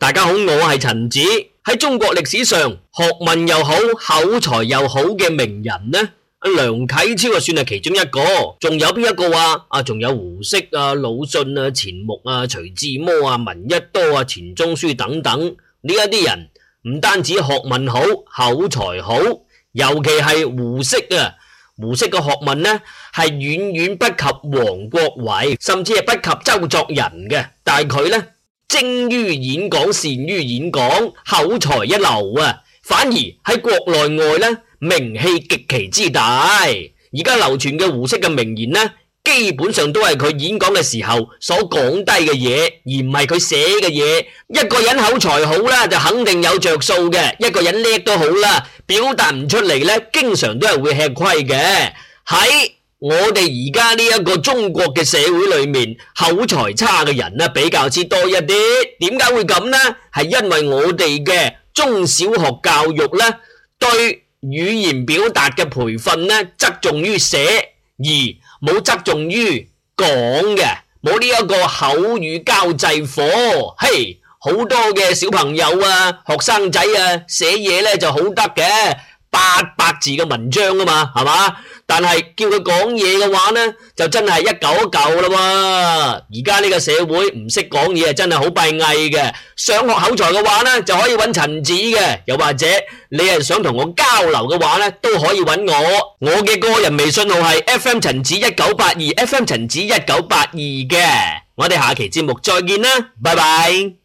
大家好，我係陳子。喺中國歷史上，學問又好口才又好嘅名人呢？梁啟超啊，算係其中一個。仲有邊一個啊？還啊，仲有胡適啊、魯迅啊、錢穆啊、徐志摩啊、聞一多啊、錢鍾書等等，呢一啲人，唔單止學問好，口才好，尤其係胡適啊，胡適嘅學問呢係遠遠不及王國維，甚至係不及周作人嘅。但係佢呢，精於演講，善於演講，口才一流啊！反而喺國內外呢，名氣極其之大。而家流傳嘅胡適嘅名言呢，基本上都係佢演講嘅時候所講低嘅嘢，而唔係佢寫嘅嘢。一個人口才好啦，就肯定有着數嘅；一個人叻都好啦，表達唔出嚟呢，經常都係會吃虧嘅。喺我哋而家呢一個中國嘅社會裏面，口才差嘅人呢比較之多一啲，點解會咁呢？係因為我哋嘅中小學教育呢，對語言表達嘅培訓呢，側重於寫，而冇側重於講嘅，冇呢一個口語交際課，嘿，好多嘅小朋友啊，學生仔啊，寫嘢呢就好得嘅。八百字嘅文章啊嘛，係嘛？但係叫佢講嘢嘅話呢，就真係一嚿一嚿啦嘛。而家呢個社會唔識講嘢，真係好閉翳嘅。想學口才嘅話呢，就可以揾陳子嘅。又或者你係想同我交流嘅話呢，都可以揾我。我嘅個人微信號係 fm 陳子一九八二，fm 陳子一九八二嘅。我哋下期節目再見啦，拜拜。